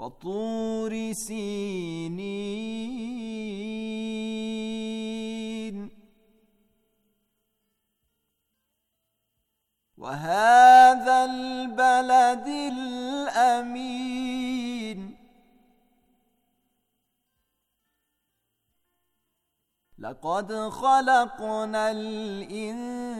وطور سينين وهذا البلد الامين لقد خلقنا الانسان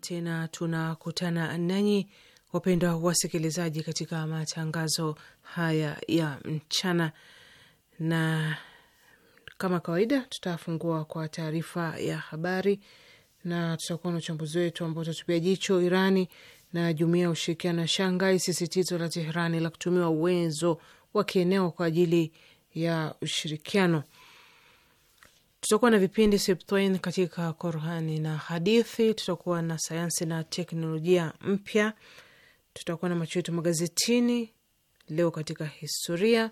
tena tunakutana nanyi wapendwa wasikilizaji, katika matangazo haya ya mchana, na kama kawaida tutafungua kwa taarifa ya habari na tutakuwa na uchambuzi wetu ambao utatupia jicho Irani na jumuiya ya ushirikiano wa shangai sisitizo la Teherani la kutumiwa uwezo wa kieneo kwa ajili ya ushirikiano. Tutakuwa na vipindi sibtain katika Qurani na hadithi, tutakuwa na sayansi na teknolojia mpya, tutakuwa na macho yetu magazetini, leo katika historia,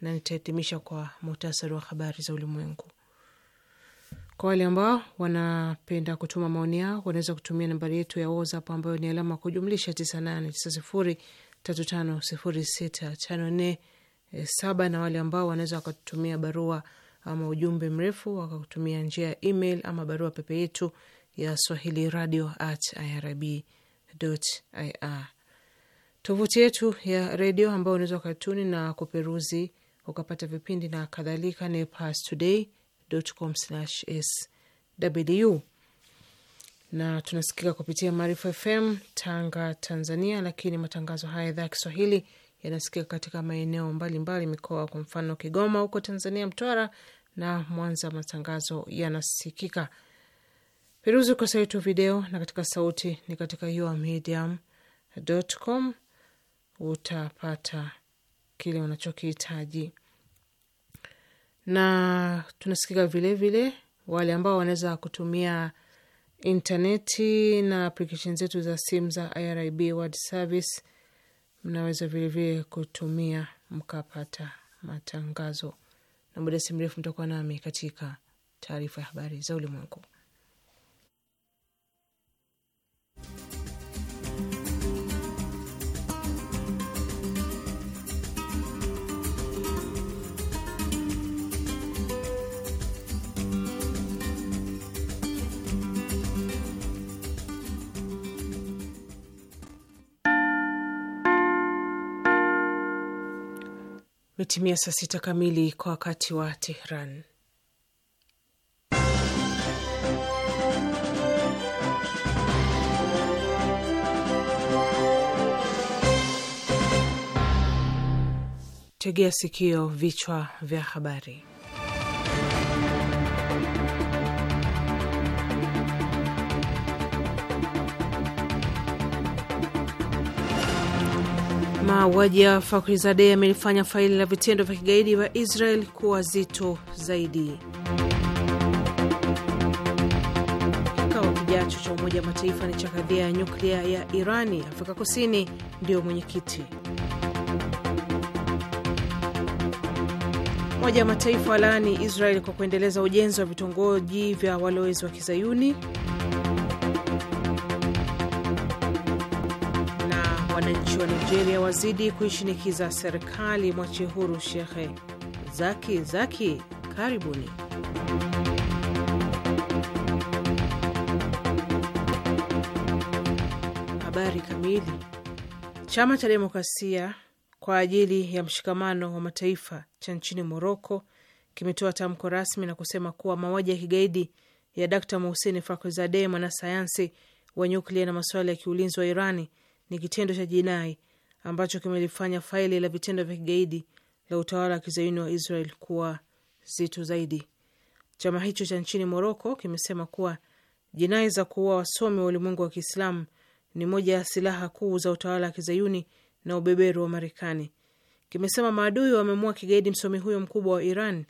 na nitahitimisha kwa muhtasari wa habari za ulimwengu. Kwa wale ambao wanapenda kutuma maoni yao, wanaweza kutumia nambari yetu ya WhatsApp ambayo ni alama kujumlisha 9890350654 na wale ambao wanaweza wakatumia barua ama ujumbe mrefu wa kutumia njia ya email ama barua pepe yetu ya swahili radio at irib ir. Tovuti yetu ya redio ambayo unaweza ukatuni na kuperuzi ukapata vipindi na kadhalika ni pastoday.com/sw na tunasikika kupitia Maarifa FM Tanga, Tanzania, lakini matangazo haya idhaa ya Kiswahili yanasikika katika maeneo mbalimbali, mikoa kwa mfano Kigoma huko Tanzania, Mtwara na Mwanza matangazo yanasikika. Peruzi ukurasa wetu video na katika sauti ni katika yourmedium.com, utapata kile unachokihitaji na tunasikika vilevile vile. Wale ambao wanaweza kutumia intaneti na aplikeshen zetu za simu za IRIB World Service, mnaweza vilevile kutumia mkapata matangazo na muda si mrefu mtakuwa nami katika taarifa ya habari za ulimwengu. Imetimia saa sita kamili kwa wakati wa Tehran. Tegea sikio, vichwa vya habari. mauaji ya Fakhrizadeh yamelifanya faili la vitendo vya kigaidi vya Israel kuwa zito zaidi. Kikao kijacho cha Umoja wa Mataifa ni cha kadhia ya nyuklia ya Irani. Afrika Kusini ndiyo mwenyekiti. Umoja wa Mataifa walaani Israel kwa kuendeleza ujenzi wa vitongoji vya walowezi wa Kizayuni. Wananchi wa Nigeria wazidi kuishinikiza serikali mwache huru Shekhe Zaki Zaki. Karibuni. Habari kamili. Chama cha Demokrasia kwa ajili ya mshikamano wa mataifa cha nchini Moroko kimetoa tamko rasmi na kusema kuwa mauaji ya kigaidi ya Dkt Mohseni Fakhrizadeh, mwanasayansi wa nyuklia na masuala ya kiulinzi wa Irani ni kitendo cha jinai ambacho kimelifanya faili la vitendo vya kigaidi la utawala wa kizayuni wa Israel kuwa zito zaidi. Chama hicho cha nchini Moroko kimesema kuwa jinai za kuua wasomi wa ulimwengu wa Kiislamu ni moja ya silaha kuu za utawala wa kizayuni na ubeberu wa Marekani. Kimesema maadui wamemua kigaidi msomi huyo mkubwa wa Iran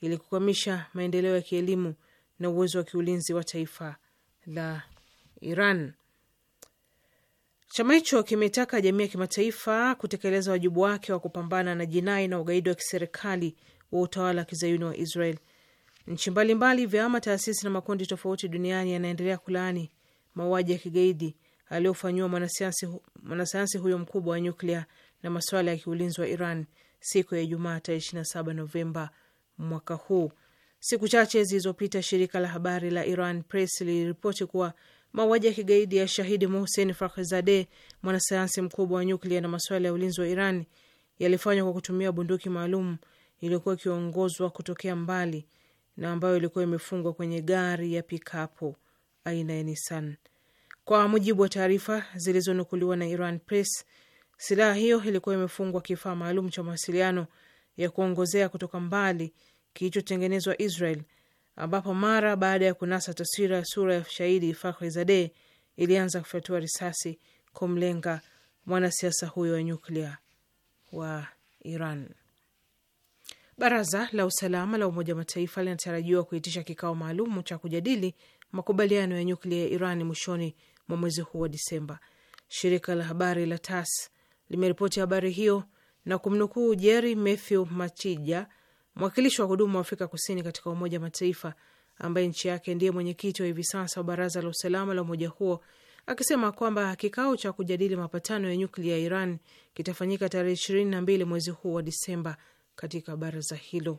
ili kukwamisha maendeleo ya kielimu na uwezo wa kiulinzi wa taifa la Iran. Chama hicho kimetaka jamii ya kimataifa kutekeleza wajibu wake wa kupambana na jinai na ugaidi wa kiserikali wa utawala wa kizayuni wa Israel. Nchi mbalimbali, vyama, taasisi na makundi tofauti duniani yanaendelea kulaani mauaji ya kigaidi aliyofanyiwa mwanasayansi mwanasayansi huyo mkubwa wa nyuklia na masuala ya kiulinzi wa Iran siku ya Ijumaa tarehe 27 Novemba mwaka huu. Siku chache zilizopita, shirika la habari la Iran Press liliripoti kuwa Mauaji ya kigaidi ya shahidi Mohsen Fakhrizadeh, mwanasayansi mkubwa wa nyuklia na masuala ya ulinzi wa Iran, yalifanywa kwa kutumia bunduki maalum iliyokuwa ikiongozwa kutokea mbali na ambayo ilikuwa imefungwa kwenye gari ya pikapu aina ya Nissan. Kwa mujibu wa taarifa zilizonukuliwa na Iran Press, silaha hiyo ilikuwa imefungwa kifaa maalum cha mawasiliano ya kuongozea kutoka mbali kilichotengenezwa Israel ambapo mara baada ya kunasa taswira ya sura ya shahidi Zade ilianza kufyatua risasi kumlenga mwanasiasa huyo wa nyuklia wa Iran. Baraza la usalama la Umoja wa Mataifa linatarajiwa kuitisha kikao maalumu cha kujadili makubaliano ya nyuklia ya Iran mwishoni mwa mwezi huu wa Disemba. Shirika la habari la TAS limeripoti habari hiyo na kumnukuu Jeri Mathew Machija Mwakilishi wa kudumu wa Afrika Kusini katika Umoja wa Mataifa ambaye nchi yake ndiye mwenyekiti wa hivi sasa wa Baraza la Usalama la umoja huo akisema kwamba kikao cha kujadili mapatano ya nyuklia ya Iran kitafanyika tarehe ishirini na mbili mwezi huu wa Disemba katika baraza hilo.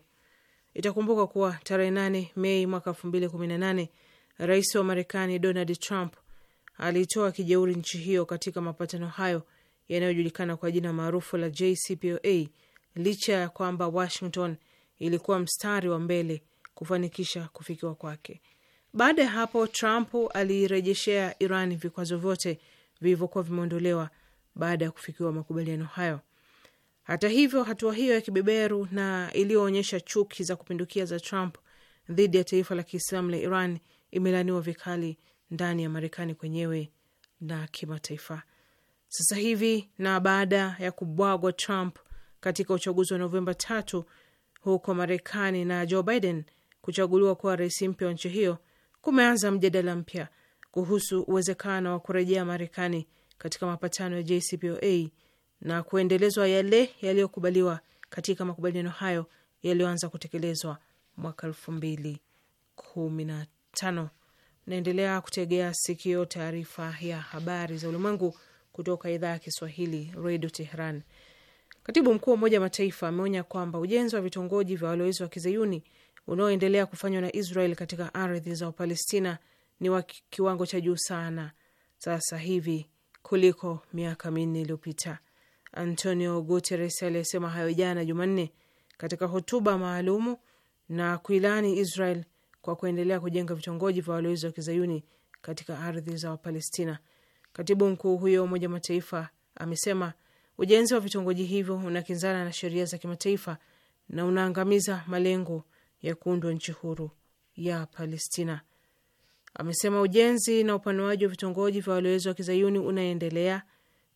Itakumbuka kuwa tarehe 8 Mei mwaka nane rais wa Marekani Donald Trump alitoa kijeuri nchi hiyo katika mapatano hayo yanayojulikana kwa jina maarufu la JCPOA licha ya kwamba Washington ilikuwa mstari wa mbele kufanikisha kufikiwa kwake. Baada ya hapo, Trump aliirejeshea Iran vikwazo vyote vilivyokuwa vimeondolewa baada ya kufikiwa makubaliano hayo. Hata hivyo, hatua hiyo ya kibeberu na iliyoonyesha chuki za kupindukia za Trump dhidi ya taifa la Kiislamu la Iran imelaniwa vikali ndani ya Marekani kwenyewe na kimataifa. Sasa hivi na baada ya kubwagwa Trump katika uchaguzi wa Novemba tatu huko Marekani na Joe Biden kuchaguliwa kuwa rais mpya wa nchi hiyo kumeanza mjadala mpya kuhusu uwezekano wa kurejea Marekani katika mapatano ya JCPOA na kuendelezwa yale yaliyokubaliwa katika makubaliano hayo yaliyoanza kutekelezwa mwaka elfu mbili kumi na tano. Naendelea kutegea sikio taarifa ya habari za ulimwengu kutoka idhaa ya Kiswahili, Redio teheran Katibu mkuu wa Umoja wa Mataifa ameonya kwamba ujenzi wa vitongoji vya walowezi wa kizayuni unaoendelea kufanywa na Israel katika ardhi za Wapalestina ni wa kiwango cha juu sana sasa hivi kuliko miaka minne iliyopita. Antonio Guterres aliyesema hayo jana Jumanne katika hotuba maalumu na kuilani Israel kwa kuendelea kujenga vitongoji vya walowezi wa kizayuni katika ardhi za Wapalestina. Katibu mkuu huyo wa Umoja wa Mataifa amesema Ujenzi wa vitongoji hivyo unakinzana na sheria za kimataifa na unaangamiza malengo ya kuundwa nchi huru ya Palestina. Amesema ujenzi na upanuaji wa vitongoji vya walowezi wa kizayuni unaendelea.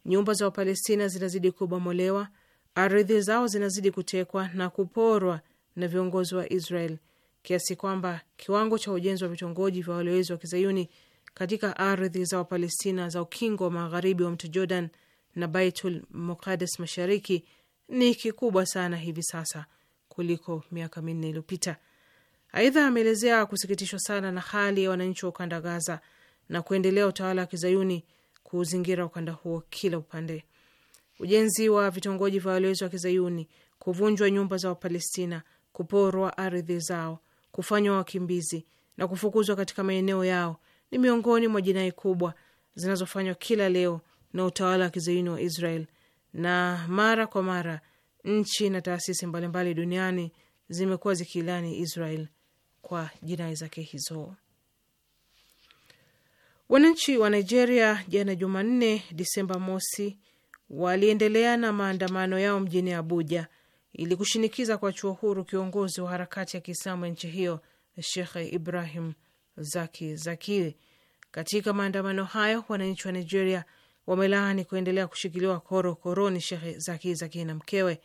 Nyumba za Wapalestina zinazidi kubomolewa, ardhi zao zinazidi kutekwa na kuporwa na viongozi wa Israel kiasi kwamba kiwango cha ujenzi wa vitongoji vya walowezi wa kizayuni katika ardhi za Wapalestina za ukingo wa magharibi wa mto Jordan na Baitul Muqaddas mashariki ni kikubwa sana hivi sasa kuliko miaka minne iliyopita. Aidha, ameelezea kusikitishwa sana na hali ya wananchi wa ukanda Gaza na kuendelea utawala wa kizayuni kuuzingira ukanda huo kila upande. Ujenzi wa vitongoji vya walowezi wa kizayuni, kuvunjwa nyumba za Wapalestina, kuporwa ardhi zao, kufanywa wakimbizi na kufukuzwa katika maeneo yao ni miongoni mwa jinai kubwa zinazofanywa kila leo na utawala wa kizayuni wa Israel, na mara kwa mara nchi na taasisi mbalimbali duniani zimekuwa zikiilani Israel kwa jinai zake hizo. Wananchi wa Nigeria jana Jumanne, Disemba mosi, waliendelea na maandamano yao mjini Abuja ili kushinikiza chuo huru kiongozi wa harakati ya Kiislamu ya nchi hiyo shekh Ibrahim Zaki Zakiri. Katika maandamano hayo, wananchi wa Nigeria wamelaani kuendelea kushikiliwa korokoroni Shekhe Zaki Zaki na mkewe.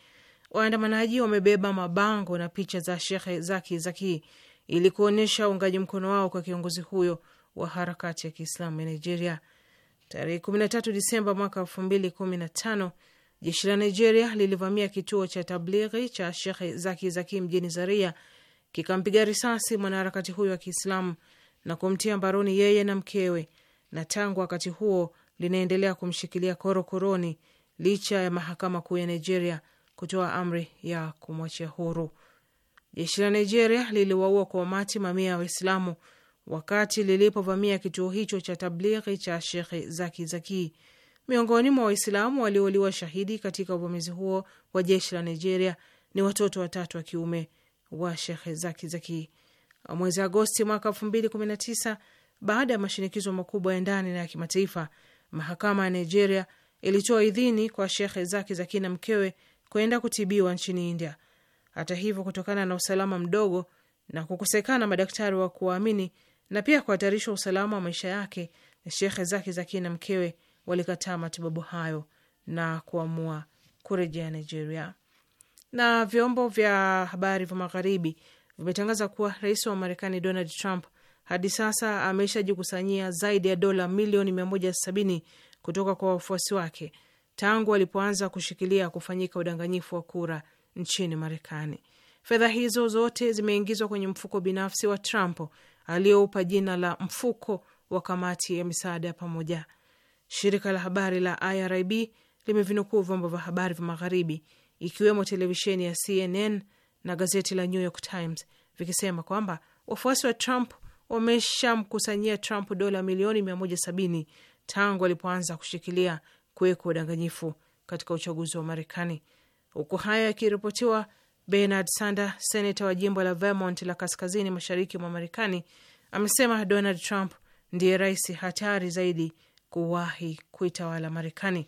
Waandamanaji wamebeba mabango na picha za Shekhe Zaki Zaki ili kuonyesha uungaji mkono wao kwa kiongozi huyo wa harakati ya Kiislamu ya Nigeria. Tarehe 13 Disemba mwaka 2015 jeshi la Nigeria lilivamia kituo cha tablighi cha Shekhe Zaki Zaki mjini Zaria, kikampiga risasi mwanaharakati huyo wa Kiislamu na kumtia mbaroni yeye na mkewe, na tangu wakati huo linaendelea kumshikilia korokoroni licha ya mahakama kuu ya Nigeria kutoa amri ya kumwachia huru. Jeshi la Nigeria liliwaua kwa umati mamia ya Waislamu wakati lilipovamia kituo hicho cha tablighi cha Shekhe Zaki Zaki. Miongoni mwa Waislamu waliouliwa shahidi katika uvamizi huo wa jeshi la Nigeria ni watoto watatu wa kiume wa Shekhe Zaki Zaki. Mwezi Agosti mwaka elfu mbili kumi na tisa, baada ya mashinikizo makubwa ya ndani na ya kimataifa, Mahakama ya Nigeria ilitoa idhini kwa Shekhe Zaki Zaki na mkewe kwenda kutibiwa nchini India. Hata hivyo, kutokana na usalama mdogo na kukosekana madaktari wa kuwaamini na pia kuhatarisha usalama wa maisha yake, Shekhe Zaki Zaki na mkewe walikataa matibabu hayo na kuamua kurejea Nigeria. Na vyombo vya habari vya magharibi vimetangaza kuwa rais wa Marekani Donald Trump hadi sasa ameshajikusanyia zaidi ya dola milioni 170 kutoka kwa wafuasi wake tangu alipoanza kushikilia kufanyika udanganyifu wa kura nchini Marekani. Fedha hizo zote zimeingizwa kwenye mfuko binafsi wa Trump aliyoupa jina la mfuko wa kamati ya misaada ya pamoja. Shirika la habari la IRIB limevinukuu vyombo vya habari vya magharibi ikiwemo televisheni ya CNN na gazeti la New York Times vikisema kwamba wafuasi wa Trump wameshamkusanyia Trump dola milioni 170 tangu alipoanza kushikilia kuwekwa udanganyifu katika uchaguzi wa Marekani. Huku hayo yakiripotiwa, Bernard Sander, senata wa jimbo la Vermont la kaskazini mashariki mwa Marekani, amesema Donald Trump ndiye rais hatari zaidi kuwahi kuitawala Marekani.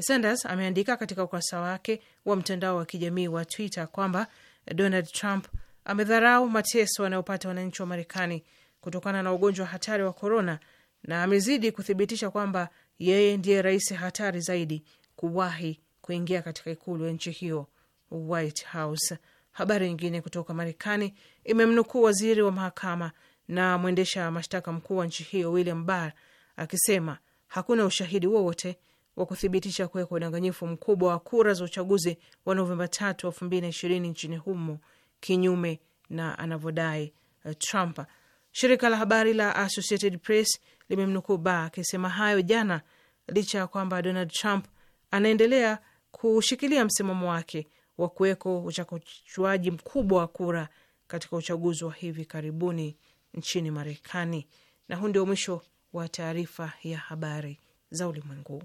Sanders ameandika katika ukurasa wake wa mtandao wa kijamii wa Twitter kwamba Donald Trump amedharau mateso anayopata wananchi wa Marekani kutokana na ugonjwa hatari wa korona, na amezidi kuthibitisha kwamba yeye ndiye rais hatari zaidi kuwahi kuingia katika ikulu ya nchi hiyo, White House. Habari nyingine kutoka Marekani imemnukuu waziri wa mahakama na mwendesha mashtaka mkuu wa nchi hiyo William Barr akisema hakuna ushahidi wowote wa kuthibitisha kuweka udanganyifu mkubwa wa kura za uchaguzi wa Novemba tatu elfu mbili na ishirini nchini humo, kinyume na anavyodai eh, Trump. Shirika la habari la Associated Press limemnukuu Ba akisema hayo jana, licha ya kwamba Donald Trump anaendelea kushikilia msimamo wake wa kuweko uchakuchuaji mkubwa wa kura katika uchaguzi wa hivi karibuni nchini Marekani. Na huu ndio mwisho wa taarifa ya habari za ulimwengu.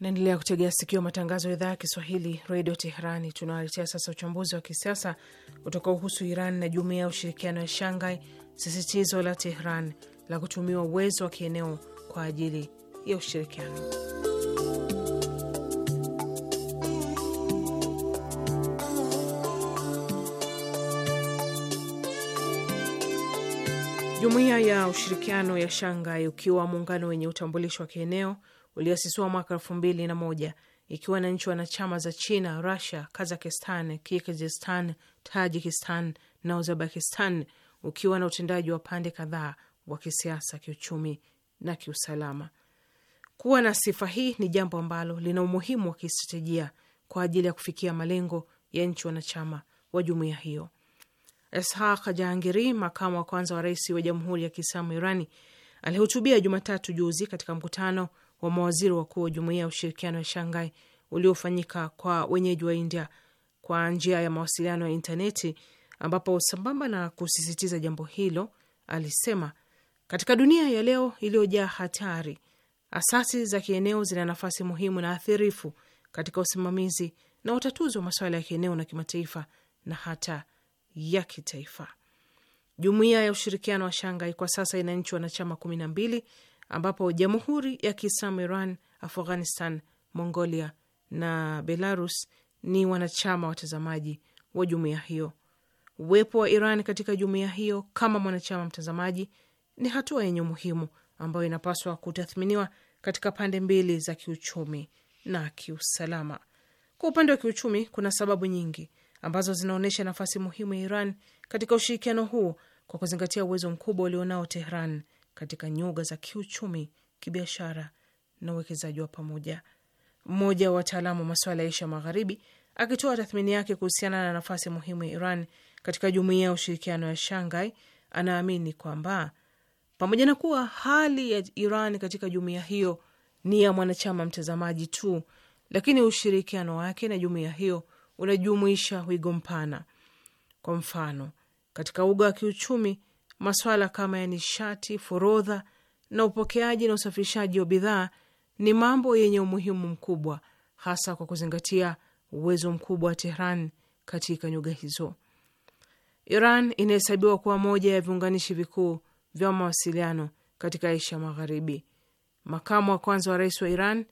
Naendelea kutegea sikio matangazo ya idhaa ya Kiswahili redio Teherani. Tunawaletea sasa uchambuzi wa kisiasa utakaohusu Iran na jumuiya ya ushirikiano ya Shanghai, sisitizo la Tehran la kutumiwa uwezo wa kieneo kwa ajili ya ushirikiano. Jumuiya ya ushirikiano ya Shanghai, ukiwa muungano wenye utambulisho wa kieneo ulioasisiwa mwaka elfu mbili na moja ikiwa na nchi wanachama za China, Rusia, Kazakistan, Kirgizistan, Tajikistan na Uzbekistan, ukiwa na utendaji wa pande kadhaa wa kisiasa, kiuchumi na kiusalama. Kuwa na sifa hii ni jambo ambalo lina umuhimu wa kistratejia kwa ajili ya kufikia malengo ya nchi wanachama wa jumuiya hiyo. Eshaq Jahangiri, makamu wa kwanza wa rais wa Jamhuri ya Kiislamu Irani, alihutubia Jumatatu juzi katika mkutano wa mawaziri wakuu wa jumuiya ya ushirikiano ya Shanghai uliofanyika kwa wenyeji wa India kwa njia ya mawasiliano ya intaneti, ambapo sambamba na kusisitiza jambo hilo alisema, katika dunia ya leo iliyojaa hatari, asasi za kieneo zina nafasi muhimu na athirifu katika usimamizi na utatuzi wa masuala ya kieneo na kimataifa na hata ya kitaifa. Jumuiya ya ushirikiano wa Shanghai kwa sasa ina nchi wanachama kumi na mbili ambapo Jamhuri ya Kiislamu Iran, Afghanistan, Mongolia na Belarus ni wanachama watazamaji wa jumuiya hiyo. Uwepo wa Iran katika jumuiya hiyo kama mwanachama mtazamaji ni hatua yenye umuhimu ambayo inapaswa kutathminiwa katika pande mbili za kiuchumi na kiusalama. Kwa upande wa kiuchumi, kuna sababu nyingi ambazo zinaonyesha nafasi muhimu ya Iran katika ushirikiano huu, kwa kuzingatia uwezo mkubwa ulionao Tehran katika nyuga za kiuchumi, kibiashara na uwekezaji wa pamoja. Mmoja wa wataalamu wa masuala ya Asia Magharibi akitoa tathmini yake kuhusiana na nafasi muhimu ya Iran katika jumuiya ya ushirikiano ya Shanghai anaamini kwamba pamoja na kuwa hali ya Iran katika jumuiya hiyo ni ya mwanachama mtazamaji tu, lakini ushirikiano wake na jumuiya hiyo unajumuisha wigo mpana. Kwa mfano, katika uga wa kiuchumi, Maswala kama ya nishati, forodha na upokeaji na usafirishaji wa bidhaa ni mambo yenye umuhimu mkubwa, hasa kwa kuzingatia uwezo mkubwa wa Tehran katika nyuga hizo. Iran inahesabiwa kuwa moja ya viunganishi vikuu vya mawasiliano katika Asia Magharibi. Makamu wa kwanza wa rais wa Iran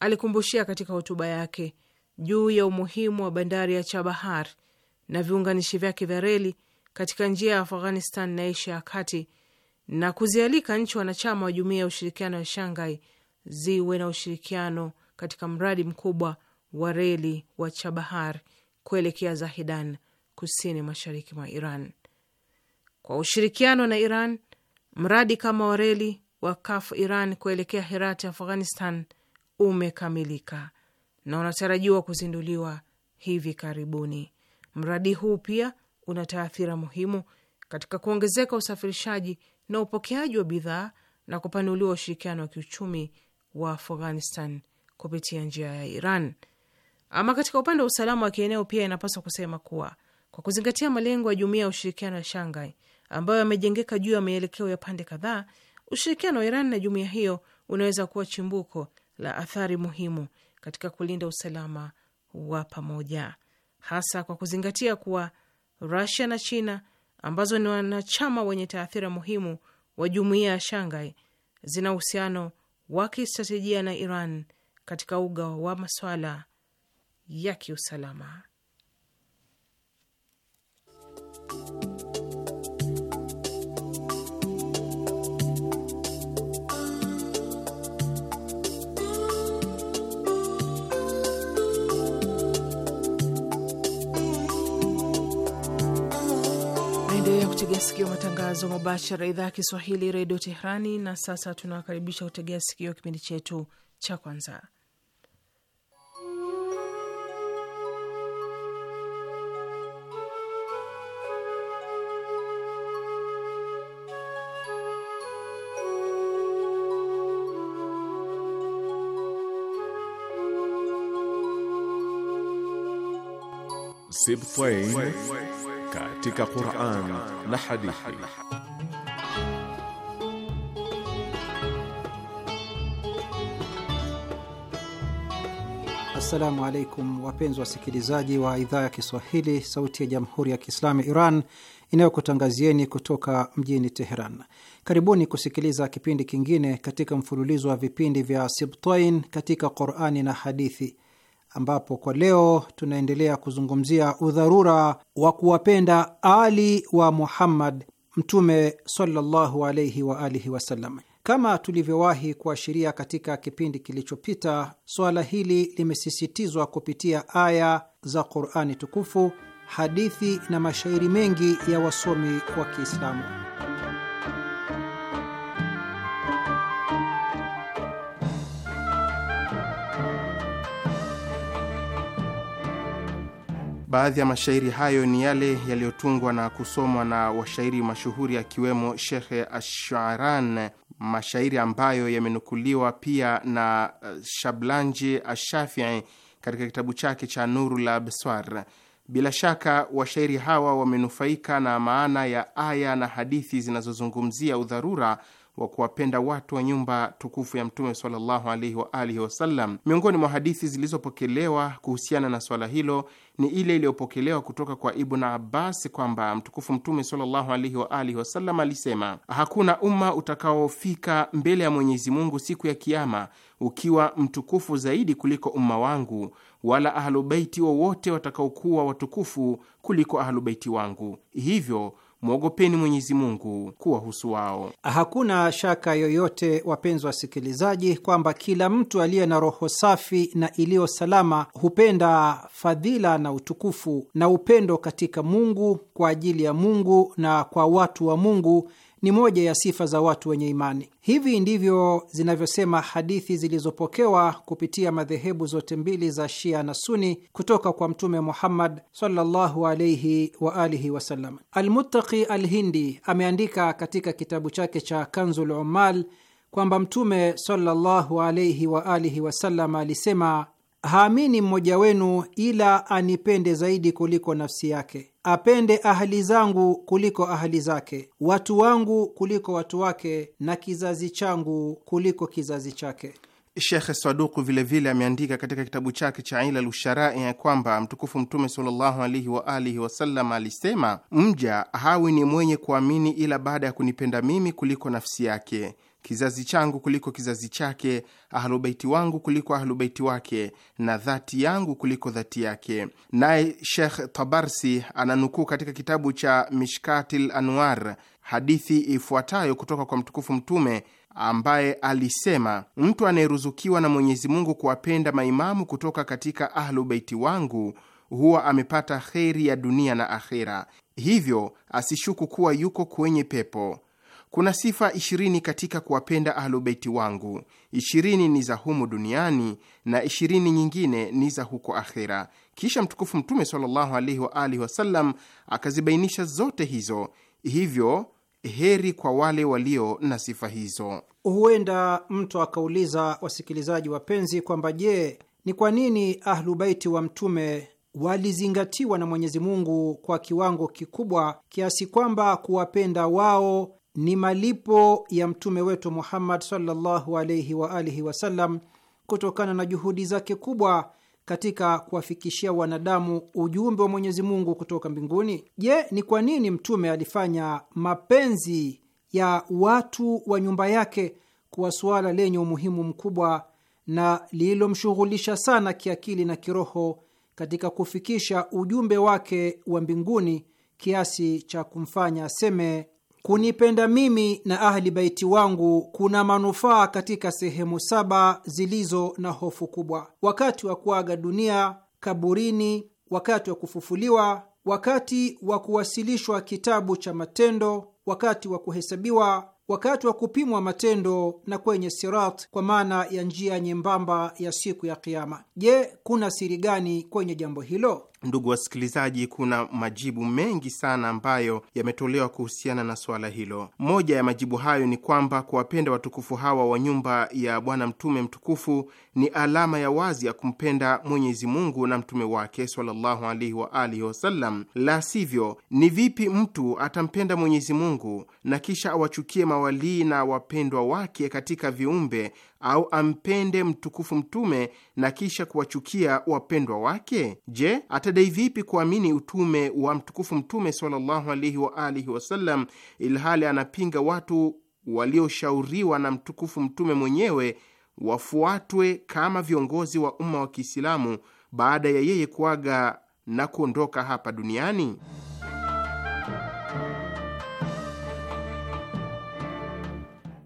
alikumbushia katika hotuba yake juu ya umuhimu wa bandari ya Chabahar na viunganishi vyake vya reli katika njia ya Afghanistan na Asia ya kati na kuzialika nchi wanachama wa jumuiya ya ushirikiano ya Shanghai ziwe na ushirikiano katika mradi mkubwa wa reli wa Chabahar kuelekea zahidan kusini mashariki mwa Iran kwa ushirikiano na Iran. Mradi kama wa reli wa Kaf Iran kuelekea Herat Afghanistan umekamilika na unatarajiwa kuzinduliwa hivi karibuni. Mradi huu pia una taathira muhimu katika kuongezeka usafirishaji na upokeaji wa bidhaa na kupanuliwa ushirikiano wa kiuchumi wa Afghanistan kupitia njia ya Iran. Ama katika upande wa usalama wa kieneo pia inapaswa kusema kuwa kwa kuzingatia malengo ya jumuiya ya ushirikiano ya Shanghai ambayo yamejengeka juu ya mielekeo ya pande kadhaa, ushirikiano wa Iran na jumuiya hiyo unaweza kuwa chimbuko la athari muhimu katika kulinda usalama wa pamoja, hasa kwa kuzingatia kuwa Rusia na China ambazo ni wanachama wenye taathira muhimu wa jumuiya ya Shanghai zina uhusiano wa kistratejia na Iran katika uga wa maswala ya kiusalama. Tegea sikio matangazo mubashara idhaa ya Kiswahili redio Teherani. Na sasa tunawakaribisha kutegea sikio kipindi chetu cha kwanza, Sibtain katika Qur'an na hadithi. Assalamu alaikum wapenzi wasikilizaji wa idhaa ya Kiswahili, sauti ya jamhuri ya kiislamu Iran inayokutangazieni kutoka mjini Teheran. Karibuni kusikiliza kipindi kingine katika mfululizo wa vipindi vya Sibtain katika Qurani na hadithi ambapo kwa leo tunaendelea kuzungumzia udharura wa kuwapenda Ali wa Muhammad Mtume sallallahu wa alihi wasallam. Kama tulivyowahi kuashiria katika kipindi kilichopita, suala hili limesisitizwa kupitia aya za Qurani Tukufu, hadithi na mashairi mengi ya wasomi wa Kiislamu. Baadhi ya mashairi hayo ni yale yaliyotungwa na kusomwa na washairi mashuhuri akiwemo Shekhe Asharan, mashairi ambayo yamenukuliwa pia na eh, Shablanji Ashafii katika kitabu chake cha Nurul Abswar. Bila shaka washairi hawa wamenufaika na maana ya aya na hadithi zinazozungumzia udharura wa kuwapenda watu wa nyumba tukufu ya Mtume sallallahu alaihi wa alihi wasallam. Miongoni mwa hadithi zilizopokelewa kuhusiana na swala hilo ni ile iliyopokelewa kutoka kwa Ibn Abbas kwamba mtukufu Mtume sallallahu alaihi wa alihi wasallam alisema, hakuna umma utakaofika mbele ya Mwenyezi Mungu siku ya Kiama ukiwa mtukufu zaidi kuliko umma wangu, wala ahlubeiti wowote watakaokuwa watukufu kuliko ahlubeiti wangu. Hivyo mwogopeni Mwenyezi Mungu kuwahusu wao. Hakuna shaka yoyote, wapenzi wasikilizaji, kwamba kila mtu aliye na roho safi na iliyo salama hupenda fadhila na utukufu na upendo katika Mungu, kwa ajili ya Mungu na kwa watu wa Mungu ni moja ya sifa za watu wenye imani. Hivi ndivyo zinavyosema hadithi zilizopokewa kupitia madhehebu zote mbili za Shia na Suni kutoka kwa Mtume Muhammad sallallahu alaihi wa alihi wasallam. Almuttaqi Alhindi ameandika katika kitabu chake cha Kanzul Ummal kwamba Mtume sallallahu alaihi wa alihi wasallam alisema haamini mmoja wenu ila anipende zaidi kuliko nafsi yake, apende ahali zangu kuliko ahali zake, watu wangu kuliko watu wake, na kizazi changu kuliko kizazi chake. Shekhe Saduku vilevile ameandika katika kitabu chake cha Ila Lusharai ya kwamba mtukufu Mtume sallallahu wa alihi wasallam alisema, mja hawi ni mwenye kuamini ila baada ya kunipenda mimi kuliko nafsi yake kizazi changu kuliko kizazi chake, ahlubeiti wangu kuliko ahlubeiti wake, na dhati yangu kuliko dhati yake. Naye Shekh Tabarsi ananukuu katika kitabu cha Mishkatil Anwar hadithi ifuatayo kutoka kwa mtukufu Mtume ambaye alisema, mtu anayeruzukiwa na Mwenyezi Mungu kuwapenda maimamu kutoka katika ahlubeiti wangu huwa amepata kheri ya dunia na akhera, hivyo asishuku kuwa yuko kwenye pepo kuna sifa ishirini katika kuwapenda ahlubeiti wangu, ishirini ni za humu duniani na ishirini nyingine ni za huko akhera. Kisha mtukufu Mtume sallallahu alaihi wa alihi wasallam akazibainisha zote hizo, hivyo heri kwa wale walio na sifa hizo. Huenda mtu akauliza, wasikilizaji wapenzi, kwamba je, ni kwa nini ahlubeiti wa Mtume walizingatiwa na Mwenyezi Mungu kwa kiwango kikubwa kiasi kwamba kuwapenda wao ni malipo ya mtume wetu Muhammad sallallahu alaihi wa alihi wasallam kutokana na juhudi zake kubwa katika kuwafikishia wanadamu ujumbe wa Mwenyezi Mungu kutoka mbinguni. Je, ni kwa nini mtume alifanya mapenzi ya watu wa nyumba yake kuwa suala lenye umuhimu mkubwa na lililomshughulisha sana kiakili na kiroho katika kufikisha ujumbe wake wa mbinguni kiasi cha kumfanya aseme kunipenda mimi na ahli baiti wangu kuna manufaa katika sehemu saba zilizo na hofu kubwa: wakati wa kuaga dunia, kaburini, wakati wa kufufuliwa, wakati wa kuwasilishwa kitabu cha matendo, wakati wa kuhesabiwa, wakati wa kupimwa matendo na kwenye sirat, kwa maana ya njia nyembamba ya siku ya Kiama. Je, kuna siri gani kwenye jambo hilo? Ndugu wasikilizaji, kuna majibu mengi sana ambayo yametolewa kuhusiana na suala hilo. Moja ya majibu hayo ni kwamba kuwapenda watukufu hawa wa nyumba ya Bwana Mtume mtukufu ni alama ya wazi ya kumpenda Mwenyezi Mungu na mtume wake sallallahu alaihi wa alihi wasallam. La sivyo, ni vipi mtu atampenda Mwenyezi Mungu na kisha awachukie mawalii na wapendwa wake katika viumbe au ampende mtukufu mtume na kisha kuwachukia wapendwa wake? Je, atadai vipi kuamini utume wa mtukufu mtume sallallahu alaihi wa alihi wasallam, ilhali anapinga watu walioshauriwa na mtukufu mtume mwenyewe wafuatwe kama viongozi wa umma wa Kiislamu baada ya yeye kuaga na kuondoka hapa duniani?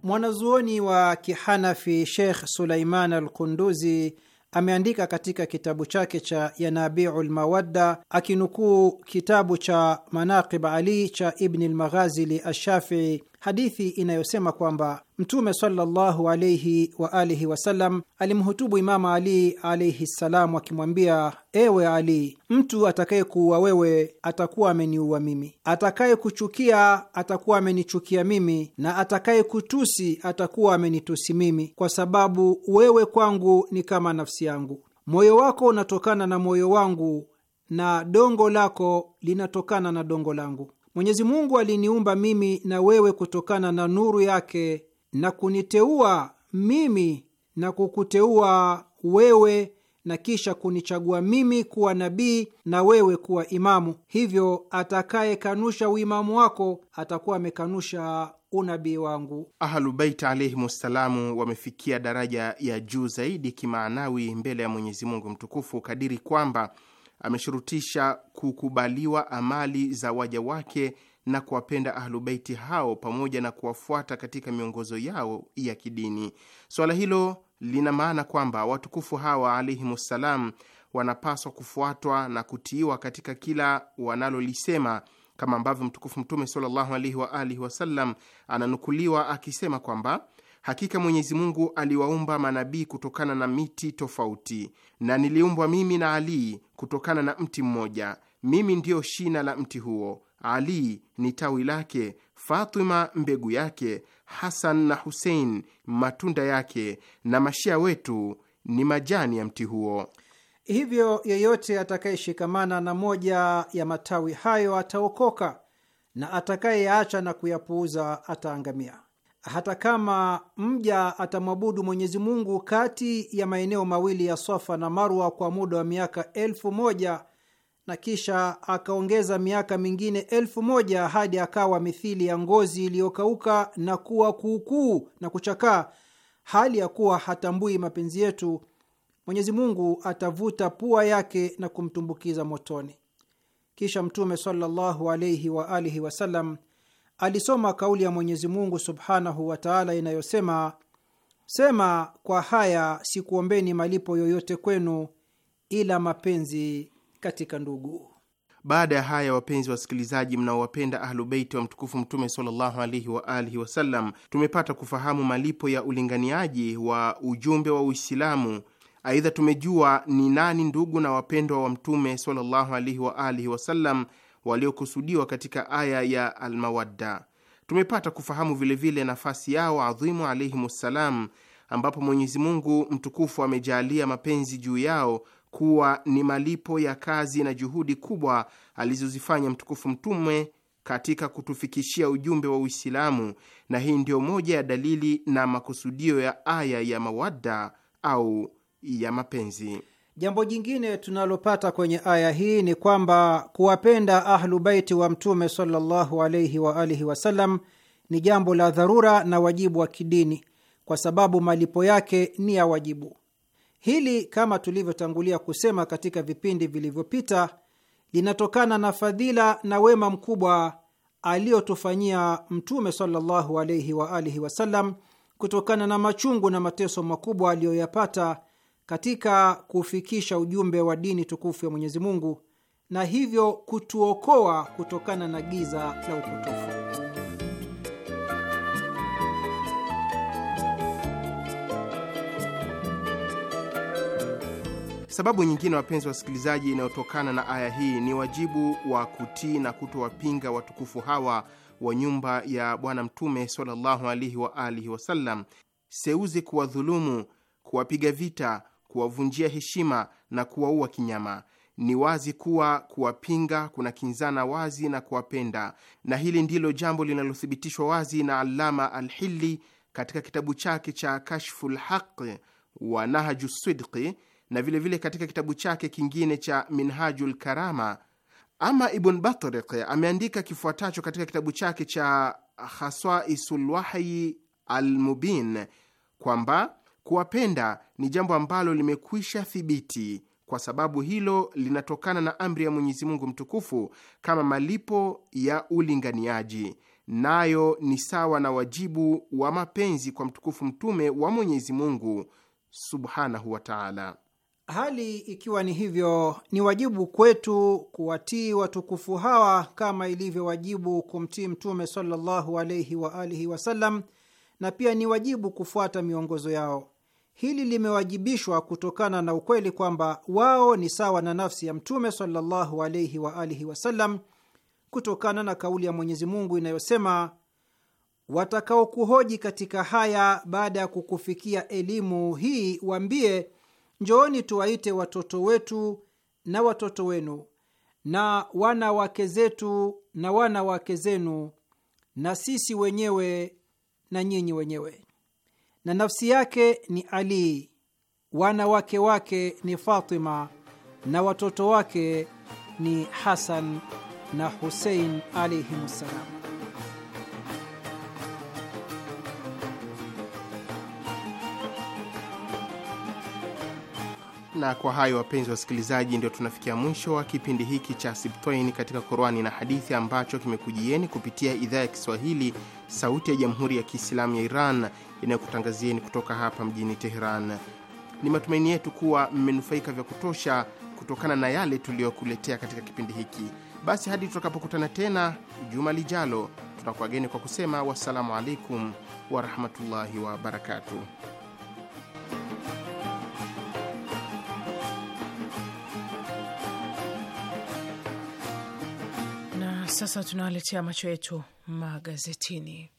Mwanazuoni wa Kihanafi Sheikh Suleiman Al-Kunduzi ameandika katika kitabu chake cha Yanabiu Lmawadda akinukuu kitabu cha Manaqib Ali cha Ibni Lmaghazili Ashafii hadithi inayosema kwamba Mtume sallallahu alaihi wa alihi wasallam alimhutubu Imamu Ali alaihi ssalam akimwambia, ewe Ali, mtu atakayekuua wewe atakuwa ameniua mimi, atakayekuchukia atakuwa amenichukia mimi, na atakayekutusi atakuwa amenitusi mimi, kwa sababu wewe kwangu ni kama nafsi yangu. Moyo wako unatokana na moyo wangu na dongo lako linatokana na dongo langu. Mwenyezi Mungu aliniumba mimi na wewe kutokana na nuru yake na kuniteua mimi na kukuteua wewe na kisha kunichagua mimi kuwa nabii na wewe kuwa imamu. Hivyo atakayekanusha uimamu wako atakuwa amekanusha unabii wangu. Ahlubeit alaihim ssalamu wamefikia daraja ya juu zaidi kimaanawi mbele ya Mwenyezi Mungu mtukufu kadiri kwamba ameshurutisha kukubaliwa amali za waja wake na kuwapenda ahlubeiti hao pamoja na kuwafuata katika miongozo yao ya kidini. Suala hilo lina maana kwamba watukufu hawa alaihimussalam wanapaswa kufuatwa na kutiiwa katika kila wanalolisema kama ambavyo mtukufu Mtume sallallahu alaihi wa alihi wasallam ananukuliwa akisema kwamba hakika Mwenyezi Mungu aliwaumba manabii kutokana na miti tofauti, na niliumbwa mimi na Ali kutokana na mti mmoja. Mimi ndiyo shina la mti huo, Ali ni tawi lake, Fatima mbegu yake, Hasan na Husein matunda yake, na mashia wetu ni majani ya mti huo. Hivyo yeyote atakayeshikamana na moja ya matawi hayo ataokoka, na atakayeyaacha na kuyapuuza ataangamia hata kama mja atamwabudu Mwenyezi Mungu kati ya maeneo mawili ya Safa na Marwa kwa muda wa miaka elfu moja na kisha akaongeza miaka mingine elfu moja hadi akawa mithili ya ngozi iliyokauka na kuwa kuukuu na kuchakaa, hali ya kuwa hatambui mapenzi yetu, Mwenyezi Mungu atavuta pua yake na kumtumbukiza motoni. Kisha Mtume sallallahu alaihi waalihi wasallam alisoma kauli ya Mwenyezi Mungu subhanahu wa taala inayosema, sema kwa haya sikuombeni malipo yoyote kwenu ila mapenzi katika ndugu. Baada ya haya, wapenzi wasikilizaji, mnaowapenda Ahlubeiti wa mtukufu Mtume sallallahu alaihi wa alihi wasallam, tumepata kufahamu malipo ya ulinganiaji wa ujumbe wa Uislamu. Aidha, tumejua ni nani ndugu na wapendwa wa Mtume sallallahu alaihi wa alihi wasallam waliokusudiwa katika aya ya Almawadda. Tumepata kufahamu vilevile vile nafasi yao adhimu ssalam, ambapo Mwenyezi Mungu mtukufu amejaalia mapenzi juu yao kuwa ni malipo ya kazi na juhudi kubwa alizozifanya mtukufu Mtume katika kutufikishia ujumbe wa Uislamu, na hii ndiyo moja ya dalili na makusudio ya aya ya mawadda au ya mapenzi. Jambo jingine tunalopata kwenye aya hii ni kwamba kuwapenda Ahlu Baiti wa Mtume sallallahu alaihi wa alihi wasallam ni jambo la dharura na wajibu wa kidini, kwa sababu malipo yake ni ya wajibu. Hili kama tulivyotangulia kusema katika vipindi vilivyopita, linatokana na fadhila na wema mkubwa aliyotufanyia Mtume sallallahu alaihi wa alihi wasallam kutokana na machungu na mateso makubwa aliyoyapata katika kufikisha ujumbe wa dini tukufu ya Mwenyezi Mungu na hivyo kutuokoa kutokana na giza la upotofu. Sababu nyingine, wapenzi wasikilizaji, inayotokana na aya hii ni wajibu wa kutii na kutowapinga watukufu hawa wa nyumba ya Bwana Mtume sallallahu alaihi wa alihi wasallam, seuzi kuwadhulumu, kuwapiga vita kuwavunjia heshima na kuwaua kinyama. Ni wazi kuwa kuwapinga kuna kinzana wazi na kuwapenda, na hili ndilo jambo linalothibitishwa wazi na Allama Alhilli katika kitabu chake cha Kashfu lhaqi wa Nahaju Sidqi na vilevile vile katika kitabu chake kingine cha Minhaju lkarama. Ama Ibn Batriq ameandika kifuatacho katika kitabu chake cha lwahyi Almubin kwamba Kuwapenda ni jambo ambalo limekwisha thibiti, kwa sababu hilo linatokana na amri ya Mwenyezi Mungu mtukufu kama malipo ya ulinganiaji, nayo ni sawa na wajibu wa mapenzi kwa mtukufu mtume wa Mwenyezi Mungu subhanahu wa taala. Hali ikiwa ni hivyo, ni wajibu kwetu kuwatii watukufu hawa kama ilivyo wajibu kumtii Mtume sallallahu alaihi waalihi wasallam, na pia ni wajibu kufuata miongozo yao. Hili limewajibishwa kutokana na ukweli kwamba wao ni sawa na nafsi ya Mtume sallallahu alaihi wa alihi wasallam, kutokana na kauli ya Mwenyezi Mungu inayosema, watakaokuhoji katika haya baada ya kukufikia elimu hii, waambie njooni tuwaite watoto wetu na watoto wenu na wanawake zetu na wanawake zenu na sisi wenyewe na nyinyi wenyewe na nafsi yake ni Ali, wanawake wake ni Fatima na watoto wake ni Hasan na Husein alayhimussalam. na kwa hayo, wapenzi wa wasikilizaji, ndio tunafikia mwisho wa kipindi hiki cha siptoin katika Qurani na Hadithi ambacho kimekujieni kupitia idhaa ya Kiswahili, Sauti ya Jamhuri ya Kiislamu ya Iran inayokutangazieni kutoka hapa mjini Teheran. Ni matumaini yetu kuwa mmenufaika vya kutosha kutokana na yale tuliyokuletea katika kipindi hiki. Basi hadi tutakapokutana tena juma lijalo, tunakuageni kwa kusema wassalamu alaikum warahmatullahi wabarakatuh. Sasa tunawaletea macho yetu magazetini.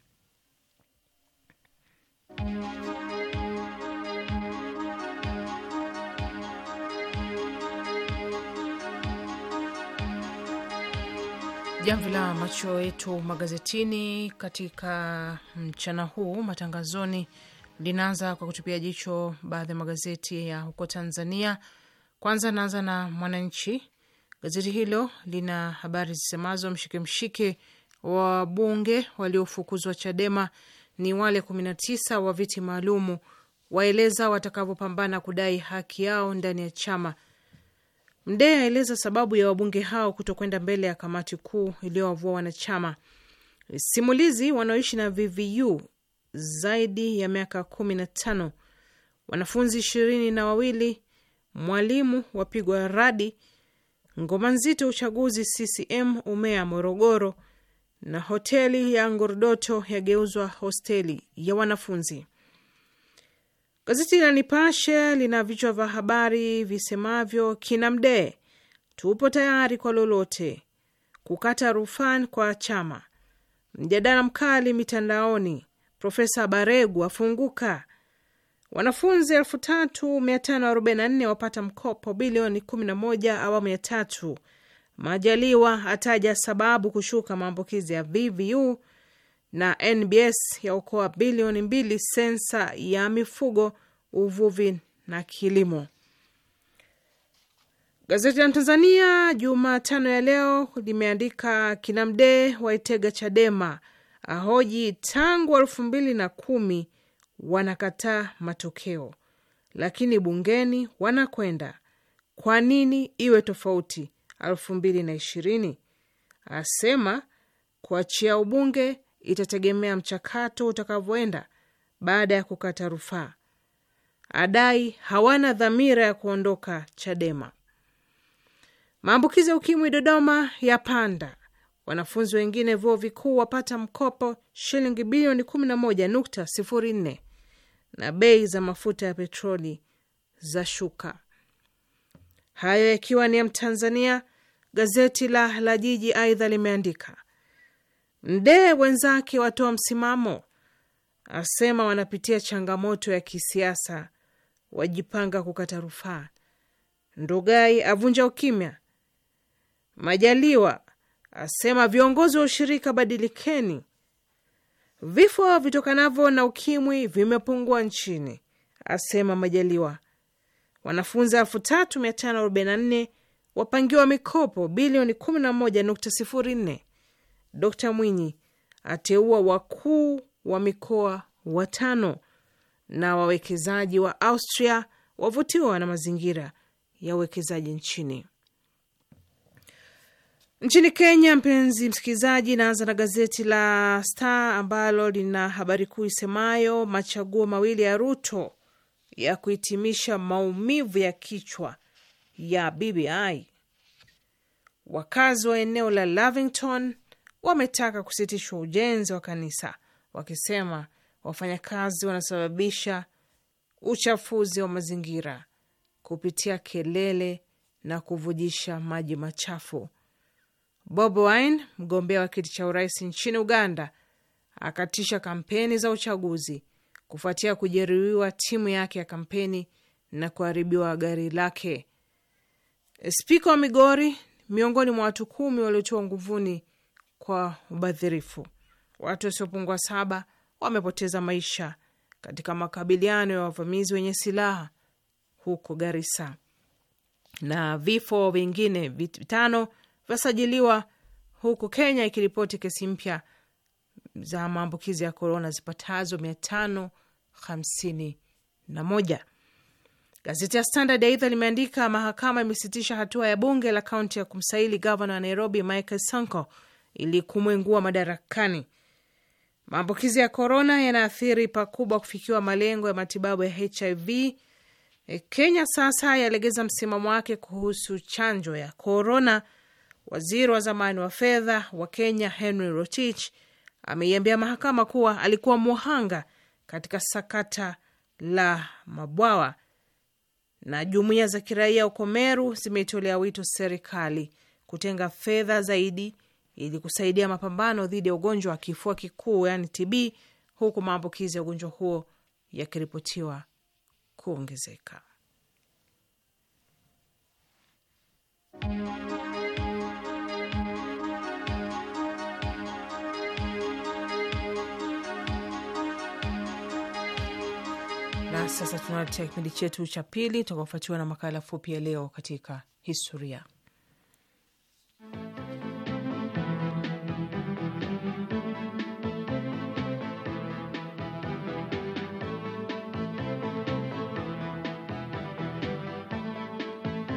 Jamvi la macho yetu magazetini katika mchana huu matangazoni linaanza kwa kutupia jicho baadhi ya magazeti ya huko Tanzania. Kwanza naanza na Mwananchi Gazeti hilo lina habari zisemazo mshike mshike wa bunge waliofukuzwa Chadema ni wale 19 wa viti maalumu, waeleza watakavyopambana kudai haki yao ndani ya chama. Mdee aeleza sababu ya wabunge hao kutokwenda mbele ya kamati kuu iliyowavua wanachama. Simulizi wanaoishi na VVU zaidi ya miaka kumi na tano, wanafunzi ishirini na wawili, mwalimu wapigwa radi ngoma nzito uchaguzi CCM umea Morogoro, na hoteli ya Ngordoto yageuzwa hosteli ya wanafunzi. Gazeti la Nipashe lina vichwa vya habari visemavyo: kina Mdee, tupo tayari kwa lolote, kukata rufani kwa chama, mjadala mkali mitandaoni, Profesa Baregu afunguka, Wanafunzi 3544 wapata mkopo bilioni 11 awamu ya tatu. Majaliwa ataja sababu kushuka maambukizi ya VVU na NBS yaokoa bilioni mbili sensa ya mifugo, uvuvi na kilimo. Gazeti la Tanzania Jumatano ya leo limeandika kinamdee waitega Chadema ahoji tangu elfu mbili na kumi wanakataa matokeo, lakini bungeni wanakwenda. Kwa nini iwe tofauti elfu mbili na ishirini? Asema kuachia ubunge itategemea mchakato utakavyoenda baada ya kukata rufaa. Adai hawana dhamira ya kuondoka Chadema. Maambukizi ya ukimwi Dodoma yapanda. Wanafunzi wengine vyuo vikuu wapata mkopo shilingi bilioni nne na bei za mafuta ya petroli za shuka. Hayo yakiwa ni ya Mtanzania. Gazeti la la Jiji aidha limeandika Mdee wenzake watoa msimamo, asema wanapitia changamoto ya kisiasa, wajipanga kukata rufaa. Ndugai avunja ukimya. Majaliwa asema viongozi wa ushirika badilikeni, Vifo vitokanavyo na ukimwi vimepungua nchini, asema Majaliwa. Wanafunzi elfu tatu mia tano arobaini na nne wapangiwa mikopo bilioni nne. Dkt Mwinyi ateua wakuu wa mikoa watano, na wawekezaji wa Austria wavutiwa na mazingira ya uwekezaji nchini. Nchini Kenya, mpenzi msikilizaji, naanza na gazeti la Star ambalo lina habari kuu isemayo machaguo mawili ya Ruto ya kuhitimisha maumivu ya kichwa ya BBI. Wakazi wa eneo la Lavington wametaka kusitishwa ujenzi wa kanisa, wakisema wafanyakazi wanasababisha uchafuzi wa mazingira kupitia kelele na kuvujisha maji machafu Bob Wine, mgombea wa kiti cha urais nchini Uganda, akatisha kampeni za uchaguzi kufuatia kujeruhiwa timu yake ya kampeni na kuharibiwa gari lake. Spika wa Migori miongoni mwa watu kumi waliotiwa nguvuni kwa ubadhirifu. Watu wasiopungua saba wamepoteza maisha katika makabiliano ya wavamizi wenye silaha huko Garissa, na vifo vingine vitano lasajiliwa huku Kenya ikiripoti kesi mpya za maambukizi ya korona zipatazo mia tano hamsini na moja. Gazeti ya Standard aidha limeandika mahakama imesitisha hatua ya bunge la kaunti ya kumsaili gavana wa Nairobi Michael sanco ili kumwengua madarakani. Maambukizi ya korona yanaathiri pakubwa kufikiwa malengo ya matibabu ya HIV. E, Kenya sasa yalegeza msimamo wake kuhusu chanjo ya korona Waziri wa zamani wa fedha wa Kenya Henry Rotich ameiambia mahakama kuwa alikuwa muhanga katika sakata la mabwawa, na jumuiya za kiraia huko Meru zimetolea wito serikali kutenga fedha zaidi ili kusaidia mapambano dhidi ya ugonjwa wa kifua kikuu, yani TB, huku maambukizi ya ugonjwa huo yakiripotiwa kuongezeka. sasa tunaletea kipindi chetu cha pili utakaofuatiwa na makala fupi ya leo katika historia.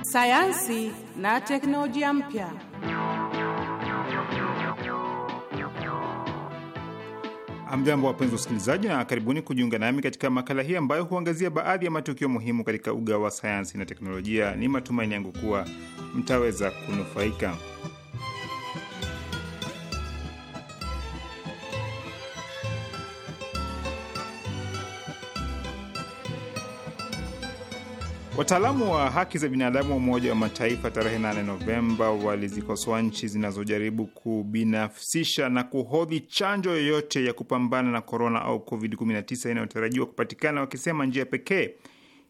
Sayansi na teknolojia mpya. Amjambo, wapenzi wa usikilizaji na karibuni kujiunga nami katika makala hii ambayo huangazia baadhi ya matukio muhimu katika uga wa sayansi na teknolojia. Ni matumaini yangu kuwa mtaweza kunufaika. Wataalamu wa haki za binadamu wa Umoja wa Mataifa tarehe 8 Novemba walizikosoa nchi zinazojaribu kubinafsisha na kuhodhi chanjo yoyote ya kupambana na korona au covid-19 inayotarajiwa kupatikana, wakisema njia pekee